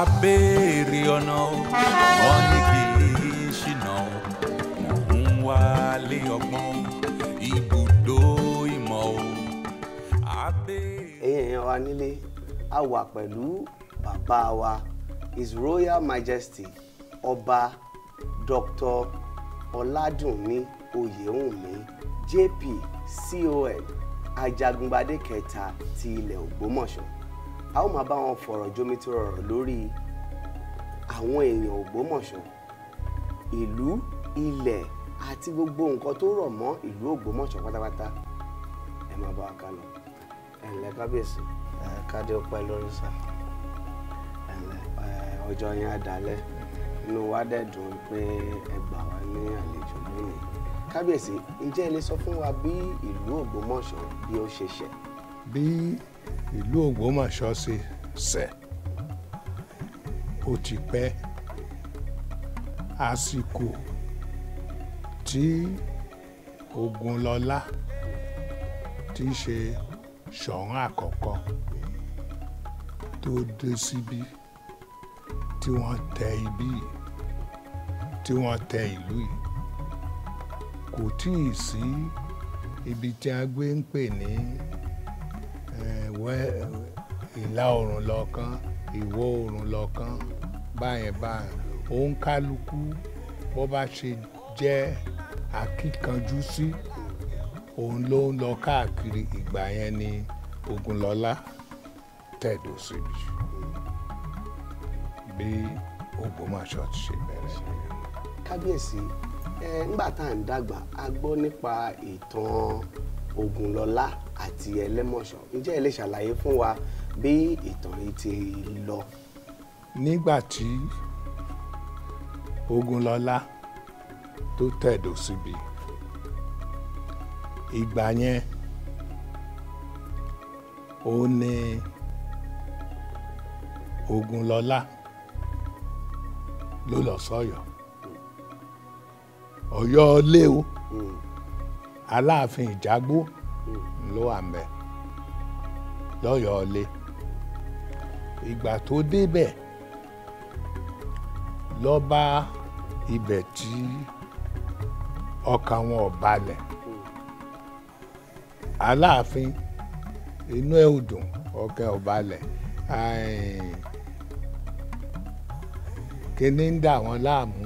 abéèrè ọ̀nà wọn ní kì í ṣìnà òun wálé ọgbọ́n ibùdó ìmọ̀ o. èèyàn wa nílé a wà pẹ̀lú bàbá wa his royal majesty ọba dr ọládùnní oyèwùnmí jp con ajagungbadé kẹta ti ilẹ̀ Ògbómọ̀ṣọ́ a ó máa bá wọn fọ̀rọ̀ jomitoro ọ̀rọ̀ lórí àwọn èèyàn Ògbómọ̀ṣọ́ ìlú ilẹ̀ àti gbogbo nǹkan tó rọ̀ mọ́ ìlú Ògbómọ̀ṣọ́ pátápátá ẹ máa bá wa ká lọ ẹ ǹlẹ́ kábíyèsí kádé ọpẹ́ lórí sá ẹ ǹlẹ́ ọjọ́ yẹn á dalẹ̀ inú wa dẹ̀ dùn pé ẹ gbà wá ní àlè kábíyèsí ǹjẹ́ ẹ lè sọ fún wa bí ìlú ògbómọ̀ṣọ́ bí ó ṣe ṣẹ̀. bí ìlú ògbómọ̀ṣọ́ ṣe ṣẹ̀ ó ti pẹ́ àsìkò tí Ògúnlọlá ti ṣe Ṣọ̀ún àkọ́kọ́ tó dé síbí tí wọ́n tẹ ibí tí wọ́n tẹ ìlú yìí kò tí ì sí ibi tí a gbé ń pè ní eh, ìlà oòrùn lọ́kàn ìwọ̀ oòrùn lọ́kàn báyẹn báyẹn òun kálukú bó bá ṣe jẹ́ akíkanjú sí òun ló ń lọ káàkiri ìgbà yẹn ni Ògúnlọlá tẹ̀dó síbi bí Ògbómọ̀ṣọ́ ti ṣe bẹ̀rẹ̀. kábíyèsí nígbà tá à ń dàgbà a gbọ́ nípa ìtàn Ògúnlọlá àti Ẹlẹ́mọ̀ṣọ́ ǹjẹ́ ẹ lè ṣàlàyé fún wa bí ìtàn yìí ti lọ. nígbà tí Ògúnlọlá tó tẹ̀dó síbi ìgbà yẹn ó ní Ògúnlọlá ló lọ sọ́yọ́ Ọ̀yọ́ ilé o Aláàfin Ìjàgbó ló wà ńbẹ̀ lọ́yọ̀ọ́ ilé ìgbà tó débẹ̀ lọ bá ibẹ̀ tí ọkàn wọn ò balẹ̀ Aláàfin inú ẹ̀ ò dùn ọkàn ò balẹ̀ kíní ń dà wọ́n láàmú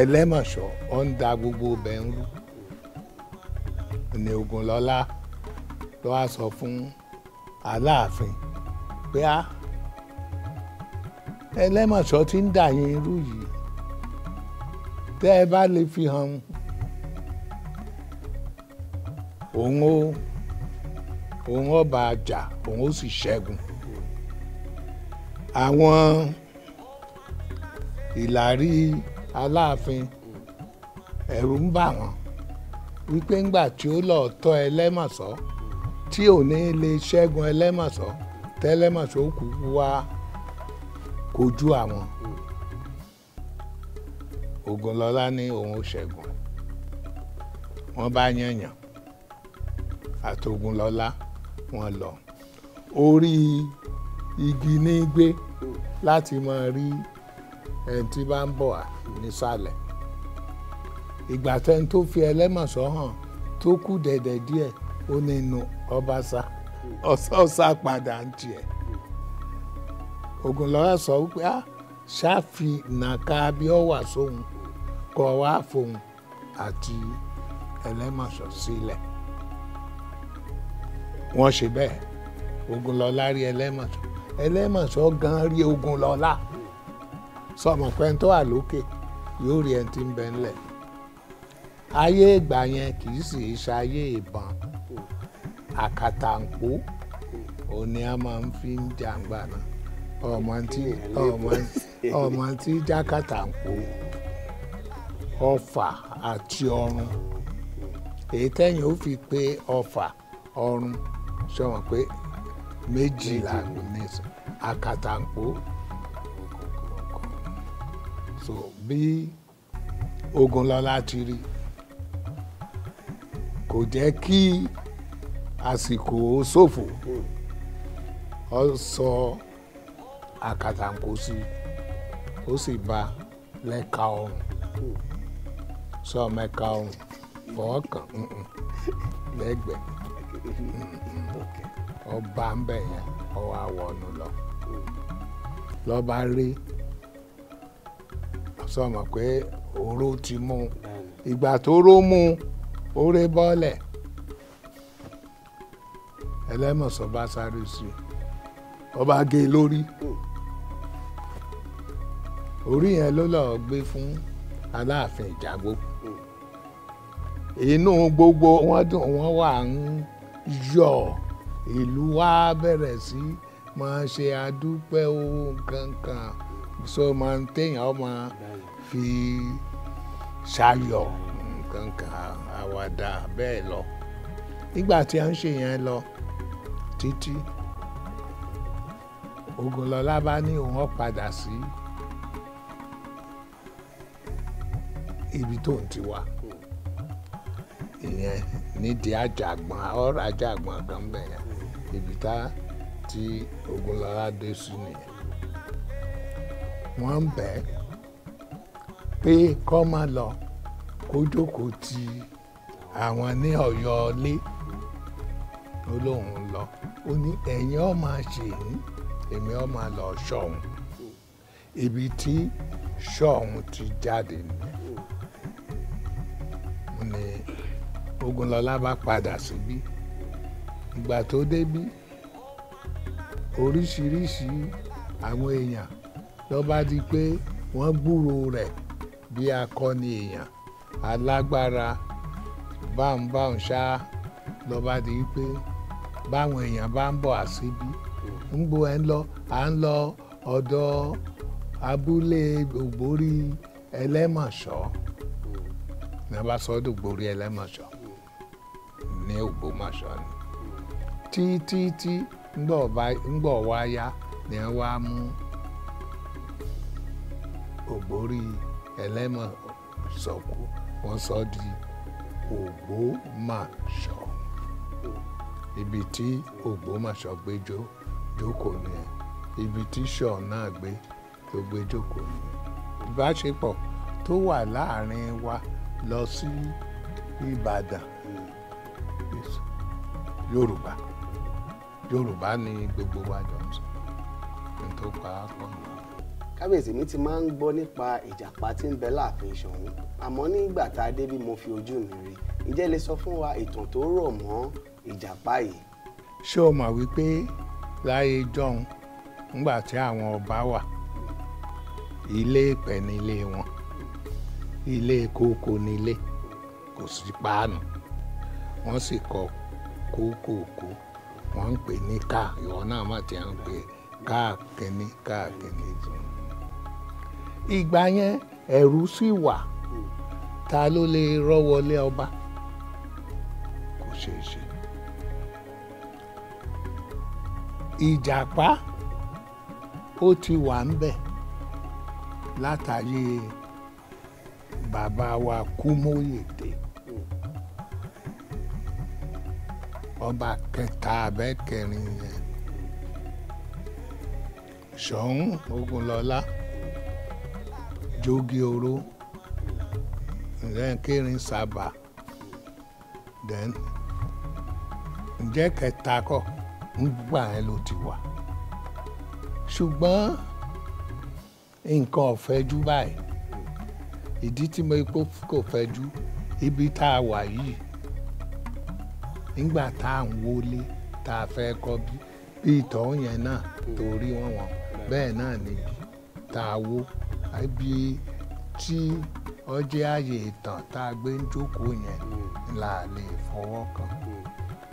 ẹlẹ́mọ̀ṣọ́ ó ń da gbogbo ibẹ̀ ń rú ní Ògúnlọ́lá ló wá sọ fún Aláàfin pé á ẹlẹ́mọ̀ṣọ́ ti ń dà yín irú yìí tẹ́ ẹ bá lè fi hàn òun ó òun ó bá òun ó sì ṣẹ́gun àwọn ìlàrí aláàfin ẹ̀rù ń bà wọ́n wípé ńgbà tí ó lọ́ọ́ tọ́ ẹlẹ́mọ̀sọ́ tí ò ní lè ṣẹ́gun ẹlẹ́mọ̀sọ́ tẹ́lẹ́mọ̀sọ́ kú wá kojú àwọn Ògúnlọlá ní òun ò ṣẹ́gun wọ́n bá yànyàn àtògúnlọlá wọ́n lọ orí igi ní gbé láti máa rí ẹni tí bá ń bọ̀ wá nísàlẹ̀ ìgbà tẹ́ni tó fi ẹlẹ́mọ̀ṣọ́ hàn tó kù dẹ̀dẹ̀ díẹ̀ ó ní inú ọbaṣá ọ̀sá padà ń tiẹ̀ Ògúnlọ́lá sọ wípé a ah, ṣáfi nàka bí ọ wà sóhun kọ wá fóun àti ẹlẹ́mọ̀ṣọ́ sílẹ̀ wọ́n ṣe bẹ́ẹ̀ Ògúnlọ́lá rí ẹlẹ́mọ̀ṣọ́ ẹlẹ́mọ̀ṣọ́ gan rí Ògúnlọ́lá sọmọ pé ẹni tó wà lókè yóò rí ẹni tí ń bẹ ńlẹ̀ ayé ìgbà yẹn kì í sì í ṣayé ìbọn àkàtàǹpó òní a máa ń fi ń jàǹgbà náà ọmọ tí ọmọ tí jákàtàǹpó ọfà àti ọrùn èyí tẹ́yìn ó fi pé ọfà ọrùn sọ̀rọ̀ pé méjìlá àkàtàǹpó so bí Ògúnlọlá ti rí kò jẹ́ kí àsìkò ṣòfò ó sọ àkàtàǹkó sí ó sì bá lẹ́ka ọ̀run sọ mẹ́ka ọ̀run fọwọ́ kàn lẹ́gbẹ̀ẹ́ ọba ń bẹ̀ yẹn ọwọ́ àwọ̀nù lọ lọ́ba rí sọmọ pé oró ti mú ìgbà tó ró mú oré bọ́lẹ̀ ẹlẹ́mọ̀sán bá sáré sí i ọba gé e lórí orí yẹn ló lọ́ọ́ gbé fún aláàfin Ìjàgbó inú gbogbo wọn dùn wọn wà ń yọ ìlú wa bẹ̀rẹ̀ sí máa ṣe adúpẹ́ ohun kankan so máa ń téèyàn ó máa fi ṣayọ̀ nǹkan kan àwàdà bẹ́ẹ̀ lọ nígbà tí a ń ṣe yẹn lọ títí Ògúnlọlá bá ní òun ó padà sí ibi tó ń ti wá ìyẹn nídìí àjàgbọ́n ọ̀rọ̀ àjàgbọ́n kan bẹ̀yẹn ibi tá tí Ògúnlọlá dé sí nìyẹn wọ́n ń bẹ̀ pé kó má lọ kó jókòó ti àwọn ní Ọ̀yọ́ ilé ó lóun lọ ó ní ẹ̀yin ọ̀ máa ṣe yín èmi ọ̀ máa lọ ṣọ̀hún ibi tí ṣọ̀hún ti jáde ni Ogunlọ́lá bá padà síbí ìgbà tó débí oríṣiríṣi àwọn èèyàn ló bá di pé wọ́n gbúròó rẹ̀ bí akọni èèyàn alágbára báńbáń ṣá ló bá di pé báwọn èèyàn bá ń bọ̀ àṣíbí ń bo ẹ̀ ń lọ à ń lọ a bá sọ ẹlẹ́mọ̀ṣọ́ ní ògbómọ̀ṣọ́ ni títí tí ń gbọ̀ ni wọ́n ògbórí ẹlẹ́mọ̀ sọ̀kò wọ́n sọ di ògbómàṣọ́ ibi tí ògbómàṣọ́ gbé jó jókòó nìyẹn ibi tí ṣọ̀ náà gbé tó gbé jókòó nìyẹn ìbáṣepọ̀ tó wà láàrin wa lọ sí ìbàdàn yorùbá yorùbá ni gbogbo wa jọ ń sọ ní tó pa á pọ̀ nìyẹn kábíyèsí mi ti máa ń gbọ́ nípa ìjàpá tí ń bẹ láàfin Ṣọ̀ún àmọ́ nígbà tá a dé bí mo fi ojú mi rí ǹjẹ́ lè sọ fún wa ìtàn tó rọ̀ mọ́ ìjàpá yìí. ṣé o mọ̀ wípé láyé jọ̀hún nígbà tí àwọn ọba wà ilé ìpẹ́ nílé wọn ilé kókó nílé kò sí páànù wọ́n sì kọ kókòkó wọ́n ń pè ní káà ìwọ náà má ti ń pè káà kínní káà kínní ìgbà yẹn ẹ̀rù sì wà ta ló lè rọ́wọ́lé ọba kò ṣeé ṣe. ìjàpá ó ti wà ń bẹ̀ látàyè bàbá wa Kúmóyètè ọba kẹta abẹ́kẹrin yẹn Ṣọ̀ún Ògúnlọlá. jogi oro saba then ǹjẹ́ kẹta kọ́ nígbà ti wà ṣùgbọ́n nǹkan ọ̀fẹ́jú báyìí ìdí tí mo fẹ́jú ibi tá a wà yìí nígbà tá à ń wọlé a fẹ́ kọ́ bí ìtọ́ yẹn náà wọn wọn bẹ́ẹ̀ náà níbi tá a ibi tí ọjẹ́ ààyè ìtàn tá a gbé ń jókòó yẹn là lè fọwọ́ kan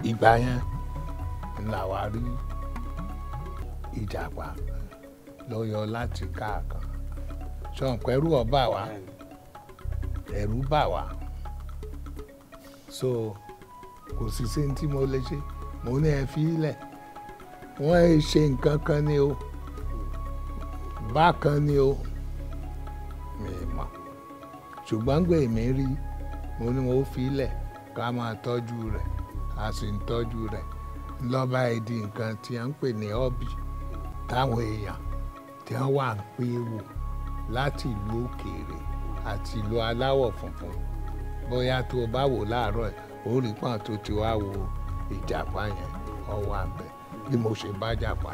ìgbà yẹn là wá rí ìjàpá lọ́yọ̀ láti káàkan ṣọ̀npẹ̀rù ọba wa ẹ̀rù bà wá so kò sì sí ní tí mo lè ṣe mo ní ẹ fi ilẹ̀ wọ́n ṣe nǹkan kan ni o bákan ni o ṣùgbọ́n gbè mí rí mo ní mo fi lẹ̀ ká máa tọ́jú rẹ̀ a sì ń tọ́jú rẹ̀ lọ́ba ìdí nǹkan tí wọ́n ń pè ní ọ́bì táwọn èèyàn tí wọ́n wà ń pé wò láti ìlú òkèèrè àti ìlú aláwọ̀ funfun bóyá tó o bá wò láàárọ̀ ó rí pọ́n tó ti wá wo ìjàpá yẹn ọwọ́ àbẹ̀ bí mo ṣe bá jàpá.